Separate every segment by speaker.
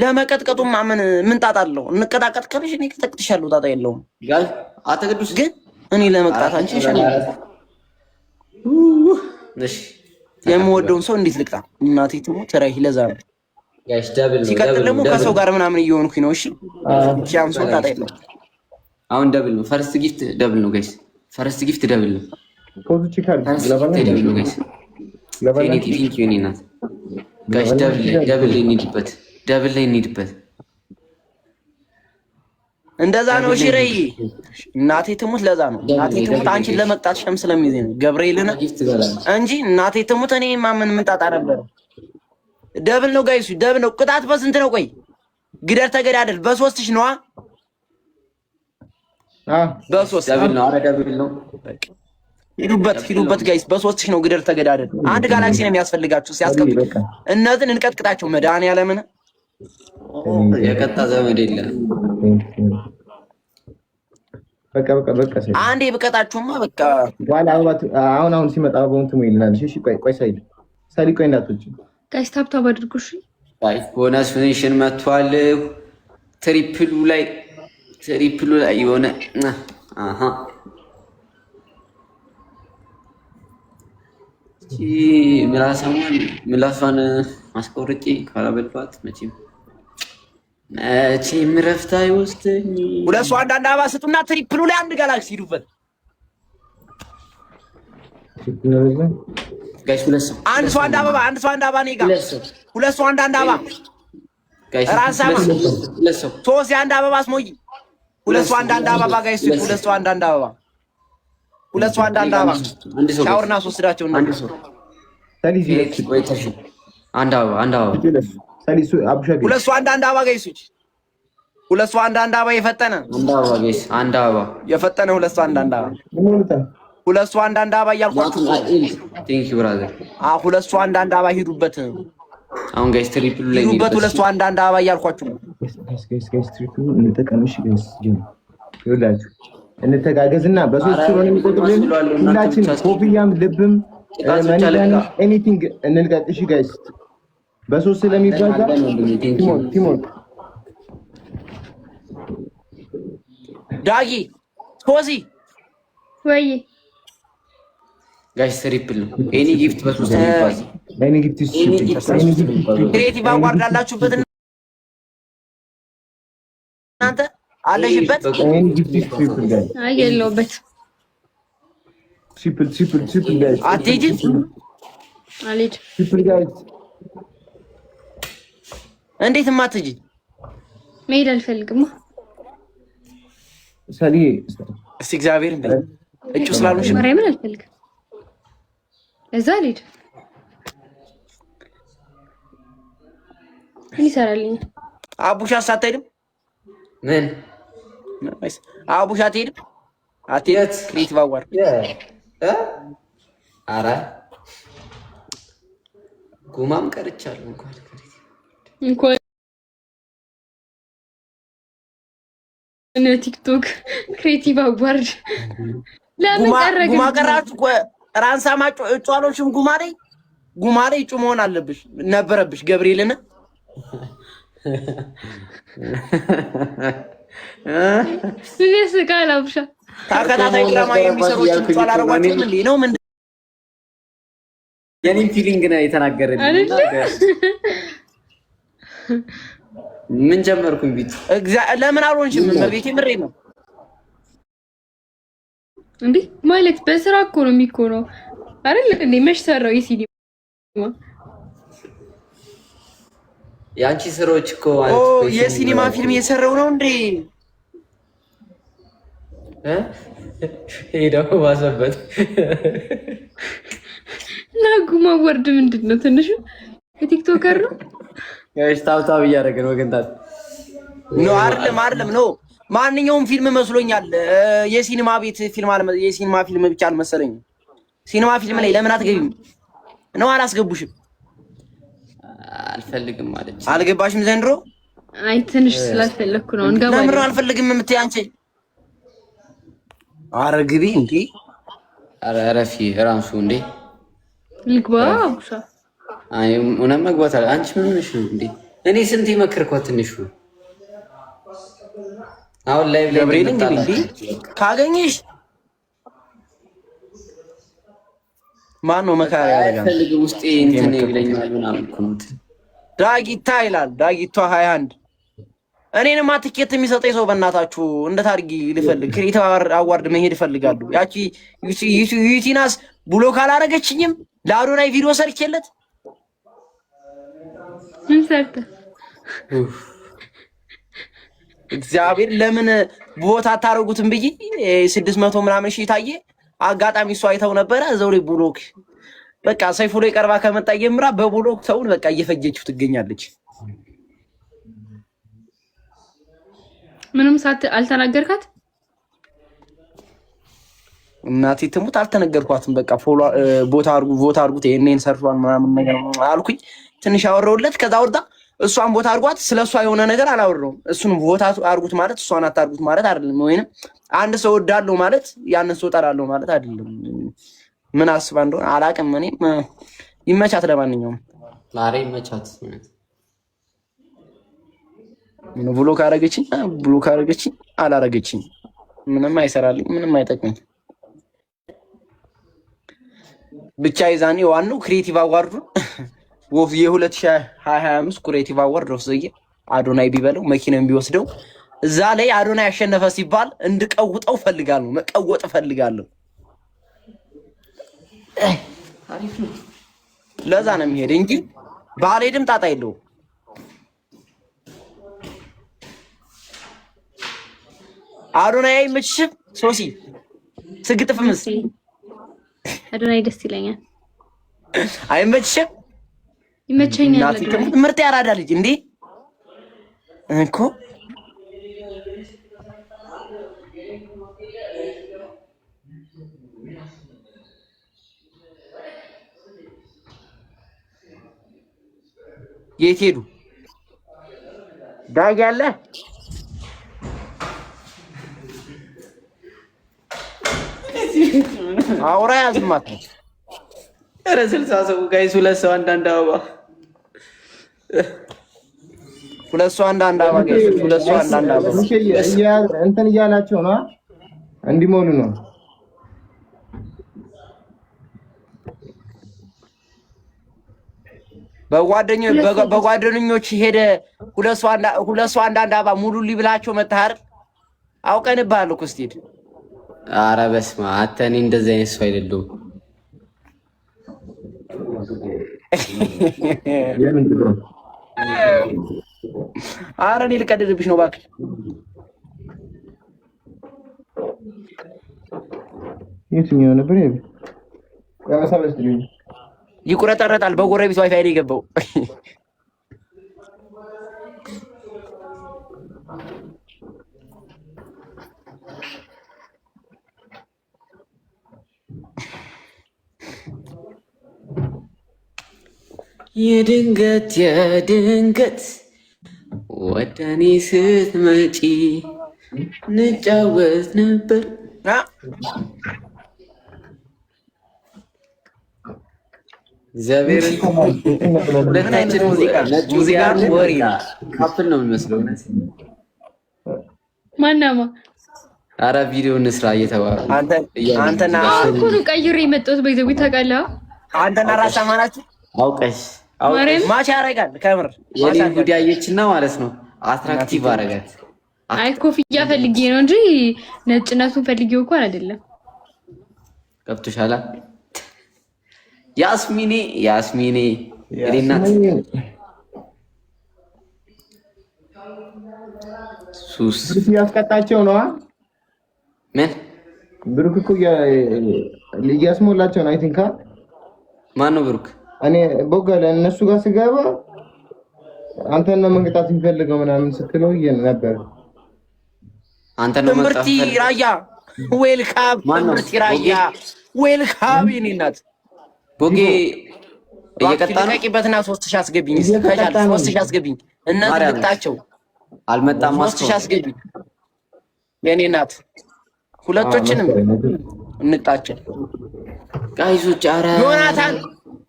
Speaker 1: ለመቀጥቀጡ ማመን ምን ጣጣ አለው? እንቀጣቀጥ ካልሽ እኔ እቀጠቅጥሻለሁ። ጣጣ የለውም። አተገዱስ ግን እኔ ለመቅጣት አንቺ ይሻላል። እሺ የምወደውን ሰው እንዴት ልቅጣ? እናቴ ትሞት ተራይ ለዛ ነው። ጋሽ ደብል ሲቀጥል ደግሞ ከሰው ጋር ምናምን እየሆንኩኝ ነው። እሺ ያም ሰው ጣጣ የለውም።
Speaker 2: አሁን ደብል ነው። ፈርስት ጊፍት ደብል ነው። ጋይስ፣ ፈርስት ጊፍት ደብል ነው። ፖዚቲካል ለባና ደብል ነው። ጋሽ ለባና ቲንክ ደብል ደብል እንሂድበት ደብል ላይ እንሂድበት።
Speaker 1: እንደዛ ነው። ሽረይ፣ እናቴ ትሙት። ለዛ ነው እናቴ ትሙት አንቺን ለመቅጣት ሸም ስለሚዜ ነው ገብርኤልን እንጂ እናቴ ትሙት። እኔ ማምን ምጣጣ ነበር። ደብል ነው ጋይሱ፣ ደብል ነው። ቅጣት በስንት ነው? ቆይ ግደር ተገዳደል። በሶስት ሺህ ነዋ። በሶስት
Speaker 2: ደብል ነው። ኧረ ደብል ነው።
Speaker 1: ሂዱበት፣ ሂዱበት ጋይስ፣ በሶስት ሺህ ነው። ግደር ተገዳደል። አንድ ጋላክሲ ነው የሚያስፈልጋችሁ። ሲያስቀምጡ እነዚህን እንቀጥቅጣቸው መድኃኒዓለምን
Speaker 2: የቀጣ ዘመድ የለም።
Speaker 3: በቃ በቃ በቃ
Speaker 1: አንዴ ብቀጣችሁማ በቃ
Speaker 3: ዋላ አበባት አሁን አሁን ሲመጣ አበባውን ትሙ ይልናል። እሺ ቆይ ቆይ ሳይድ ሳይድ ቆይ እንዳትወጪ
Speaker 4: ጋይስ ታብታብ አድርጉ። እሺ
Speaker 2: ቦነስ ፊኒሽን መጥቷል። ትሪፕሉ ላይ ትሪፕሉ ላይ የሆነ አሃ ምላሷን ምላሷን አስቆርጬ ካላበሏት መቼም መቼም ረፍታ ይወስደኝ።
Speaker 1: ሁለት ሰው አንዳንድ አበባ ስጡና ትሪፕሉ ላይ አንድ ጋላክሲ ሂዱበት። አንድ ሰው አንድ አበባ፣ አንድ ሰው አንድ አበባ። እኔ ጋር ሁለት ሰው አንዳንድ አበባ። ራሳማ
Speaker 2: ሶስት
Speaker 1: የአንድ አበባ አስሞይ። ሁለት ሰው አንዳንድ አበባ ጋይ ሁለት ሰው አንዳንድ አበባ፣ ሁለት ሰው አንዳንድ አበባ። ሻወርና ሶስት ዳቸው
Speaker 3: አንድ አበባ፣
Speaker 2: አንድ አበባ
Speaker 3: ሰሊሱ
Speaker 1: አቡሻ ሁለት ሰው አንድ አንድ አበባ ገይሱች ሁለት ሰው አንድ አንድ አበባ የፈጠነ
Speaker 2: አንድ አበባ ገይስ አንድ አበባ
Speaker 1: የፈጠነ ሁለት ሰው አንድ አንድ አበባ ሁለት ሰው አንድ አንድ አበባ እያልኳችሁ።
Speaker 2: ቴንክ ዩ ብራዘር።
Speaker 1: አዎ ሁለት ሰው አንድ አንድ አበባ ሂዱበት።
Speaker 2: አሁን ጋይስ ትሪፕሉ ላይ
Speaker 1: ሂዱበት። ሁለት ሰው አንድ አንድ አበባ እያልኳችሁ ነው።
Speaker 3: ጋይስ ጋይስ ትሪፕሉ እንጠቀም። ጋይስ ጀም ይውላችሁ እንተጋገዝና በሶስት ስለሆነ የሚቆጥሩልን ሁላችን ኮፍያም ልብም ኤኒቲንግ እንልቀቅ። ጋይስ በሶስት ለሚባዛ ቲሞን ቲሞን
Speaker 1: ዳጊ ቶዚ
Speaker 4: ወይ
Speaker 2: ጋይስ ትሪፕል ነው። ኤኒ ጊፍት በሶስት ለሚባዛ
Speaker 3: ኤኒ ጊፍት
Speaker 1: ክሬቲቭ አዋርድ አላችሁበት እናንተ አለሽበት።
Speaker 3: ኤኒ ጊፍት ትሪፕል ጋይስ
Speaker 4: አየለውበት
Speaker 3: ትሪፕል ትሪፕል ትሪፕል ጋይስ
Speaker 1: አትሄጂም
Speaker 4: አልሄድም
Speaker 3: ትሪፕል ጋይስ
Speaker 1: እንዴት ማትጂ
Speaker 4: መሄድ አልፈልግም።
Speaker 3: ሰሊ
Speaker 1: እስቲ እግዚአብሔር እጩ ስላልሆንሽ
Speaker 4: ምን አልፈልግም። እዛ ልሂድ ምን ይሰራልኝ?
Speaker 1: አቡሻ ሳትሄድም ምን አቡሻ አትሄድም? አትሄድ ክሬቲቭ አዋር
Speaker 2: ኧረ ጉማም ቀርቻለሁ እንኳን
Speaker 4: እንኳን ቲክቶክ ክሬቲቭ አዋርድ
Speaker 1: ለምን ቀራችሁ። ራንሳ ማጮ ጉማሬ ጉማሬ እጩ መሆን አለብሽ ነበረብሽ። ገብርኤልን ነው
Speaker 2: የኔን ፊሊንግ ነው የተናገረልኝ። ምን ጀመርኩኝ? ቢት
Speaker 1: ለምን አልሆንሽም? መቤት ምሬ ነው
Speaker 4: እንዴ ማለት በስራ እኮ ነው የሚኮ ነው አይደል እንዴ? መች ሰራው የሲዲ
Speaker 2: የአንቺ ስራዎች እኮ
Speaker 1: የሲኒማ ፊልም እየሰራው ነው እንዴ?
Speaker 2: ይሄ ደግሞ ባሰበት።
Speaker 4: ናጉማ ወርድ ምንድን ነው? ትንሹ የቲክቶከር ነው።
Speaker 2: ጋይስ ታብታብ እያደረገ ነው። ወገንታት
Speaker 1: ኖ አይደለም አይደለም ኖ ማንኛውም ፊልም መስሎኛል። የሲኒማ ቤት ፊልም አለ የሲኒማ ፊልም ብቻ አልመሰለኝም። ሲኒማ ፊልም ላይ ለምን አትገቢም? ነው አላስገቡሽም?
Speaker 2: አልፈልግም ማለት
Speaker 1: አልገባሽም? ዘንድሮ
Speaker 4: አይ ትንሽ ስላልፈለግኩ ነው። እንገባ
Speaker 1: ለምን አልፈልግም የምትይ አንቺ?
Speaker 3: ኧረ ግቢ እንዴ!
Speaker 2: ኧረ ረፊ ራሱ እንዴ!
Speaker 4: ልግባ አቡሻ
Speaker 2: ሆነ መግባት አለ። አንቺ ምን ሆነሽ ነው እንዴ? እኔ ስንት መከርኳት። ትንሽ ነው አሁን ላይ
Speaker 1: ገብርኤል እንግዲህ ካገኘሽ ማን ነው መካሪ
Speaker 2: ያደርጋል? ውስጤ እንትን ይለኛል ምናምን እኮ ነው
Speaker 1: ዳጊታ ይላል። ዳጊቷ ሀያ አንድ እኔንማ ትኬት የሚሰጠኝ ሰው በእናታችሁ እንደ እንደታርጊ ልፈልግ ክሬቲቭ አዋርድ መሄድ እፈልጋለሁ። ያቺ ዩቲናስ ብሎ ካላረገችኝም ለአዶናይ ቪዲዮ ሰርቼለት ምን እግዚአብሔር ለምን ቦታ አታደርጉትም ብዬ ስድስት መቶ ምናምን ሺህ ታየ። አጋጣሚ እሱ አይተው ነበረ ዘው ላይ ብሎክ በቃ ሰይፉ ላይ ቀርባ ከመጣ የምራ በብሎክ ሰውን በቃ እየፈጀችው ትገኛለች።
Speaker 4: ምንም ሳት አልተናገርካት
Speaker 1: እናቴ ትሙት አልተነገርኳትም። በቃ ቦታ አድርጉ ቦታ አድርጉት ይሄንን ሰርቷል ምናምን ነገር አልኩኝ። ትንሽ አወረውለት ከዛ ወርዳ እሷን ቦታ አርጓት። ስለ እሷ የሆነ ነገር አላወረውም። እሱን ቦታ አርጉት ማለት እሷን አታርጉት ማለት አይደለም። ወይንም አንድ ሰው ወዳለው ማለት ያንን ሰው እጠላለሁ ማለት አይደለም። ምን አስባ እንደሆነ አላቅም። እኔም ይመቻት፣ ለማንኛውም
Speaker 2: ላሬ ይመቻት
Speaker 1: ብሎ ካረገችኝ ብሎ ካረገችኝ አላረገችኝ ምንም አይሰራልኝ፣ ምንም አይጠቅመኝ። ብቻ የዛኔ ዋናው ክሬቲቭ አዋርዱ የ2025 ክሬቲቭ አዋርድ ወስዘየ አዶናይ ቢበለው መኪና ቢወስደው እዛ ላይ አዶናይ ያሸነፈ ሲባል እንድቀውጠው ፈልጋለሁ። መቀወጥ ፈልጋለሁ። ለዛ ነው የሚሄድ እንጂ ድም ጣጣ የለው። አዶናይ አይመችሽም ሶሲ ስግጥፍምስ
Speaker 4: አዶናይ ደስ ይለኛል። አይመችሽም? ይመቸኛል።
Speaker 1: ምርጥ ያራዳ ልጅ እንዴ እኮ የት ሄዱ ዳግ ያለ አውራ ያዝማት ነው።
Speaker 2: ኧረ ስልሳ ሰው ጋይስ፣ ሁለት ሰው አንዳንድ አበባ፣
Speaker 1: ሁለት ሰው አንዳንድ አበባ፣ ሁለት ሰው አንዳንድ አበባ።
Speaker 3: እንትን እያላቸው ነው እንዲሞሉ ነው።
Speaker 1: በጓደኞች ሄደ ሁለት ሰው አንዳንድ አበባ ሙሉ ሊብላቸው መታር አውቀን ባልኩ ስትሄድ
Speaker 2: አረ በስመ አብ አንተ፣ እኔ እንደዚህ አይነት ሰው አይደለሁም።
Speaker 1: አረ እኔ ልቀድድብሽ ነው እባክሽ። የትኛው ነበር ይቆረጠረጣል? በጎረቤት ዋይፋይ ላይ የገባው
Speaker 2: የድንገት የድንገት ወደኔ ስትመጪ ንጫወት ነበር። እግዚአብሔር ሁለታችን ሙዚቃ ካፕል ነው የምንመስለው። ማናማ አረ ቪዲዮ እንስራ እየተባሉ
Speaker 1: አንተና
Speaker 4: ቀይሬ የመጣሁት በጊዜ ታውቃለህ።
Speaker 1: አንተና ራሳ ማናችሁ አውቀሽ ማቻ ያረጋል
Speaker 2: ከምር የኔ ጉዳዮችና ማለት ነው አትራክቲቭ አረጋት
Speaker 4: አይ ኮፍያ ፈልጌ ነው እንጂ ነጭነቱን ፈልጌው እኮ አይደለም።
Speaker 2: ገብቶሻል። ያስሚኔ ያስሚኔ እኔናት ሱስ
Speaker 3: ያስቀጣቸው ነዋ። ምን ብሩክ እኮ እያስሞላቸው ነው። አይ ቲንክ ማን ነው ብሩክ እኔ ቦጋ እነሱ ጋር ስገባ አንተ ነው መንግጣት የሚፈልገው ምናምን ስትለው ነበር።
Speaker 1: አንተ ነው ምርቲ ራያ ዌልካም፣ ምርቲ ራያ ዌልካም። የእኔ እናት ቦጌ እየቀጣ ነው። ቀቂበትና ሶስት ሺህ አስገቢኝ፣ ይስከሻል። ሶስት እናት ልቅጣቸው። አልመጣም። ሶስት ሺህ የእኔ እናት፣ ሁለቶችንም እንቅጣቸው።
Speaker 2: ቃይዞች፣ ኧረ
Speaker 1: ዮናታን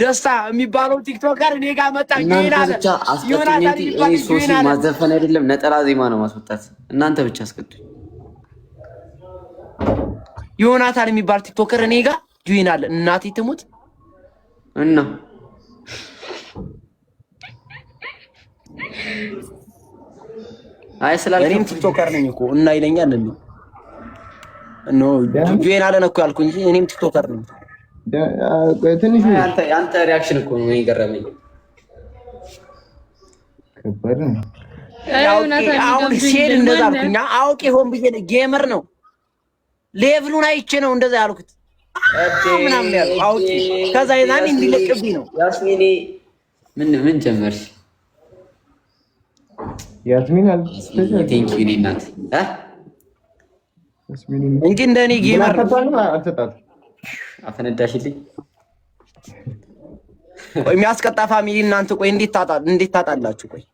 Speaker 1: ደስታ የሚባለው ቲክቶከር እኔ ጋር መጣ።
Speaker 2: ብቻ አስቀጡኝ። ማዘፈን አይደለም ነጠላ ዜማ ነው ማስወጣት። እናንተ ብቻ አስቀጡኝ።
Speaker 1: ዮናታን የሚባል ቲክቶከር እኔ ጋር ጆይን አለ። እናቴ ትሙት እና አይ ስላልከኝ ቲክቶከር ነኝ እኮ እና ይለኛል። ጆይን አለን እኮ ያልኩ እንጂ እኔም ቲክቶከር ነኝ።
Speaker 3: ትንሽ የአንተ ሪያክሽን እኮ ነው የገረመኝ። ነው።
Speaker 1: ሼድ እንደዛ አልኩኝ። ሆን ብዬ ጌመር ነው ሌቭሉን አይቼ ነው እንደዛ ያልኩት ምናምን ያልኩት ከዛ ነው።
Speaker 2: ምን ምን ጀመርሽ? ያስሚን ጌመር
Speaker 1: ነው።
Speaker 2: አፈነዳሽልኝ።
Speaker 1: ቆይ የሚያስቀጣ ፋሚሊ እናንተ ቆይ እንዴት ታጣላችሁ? ቆይ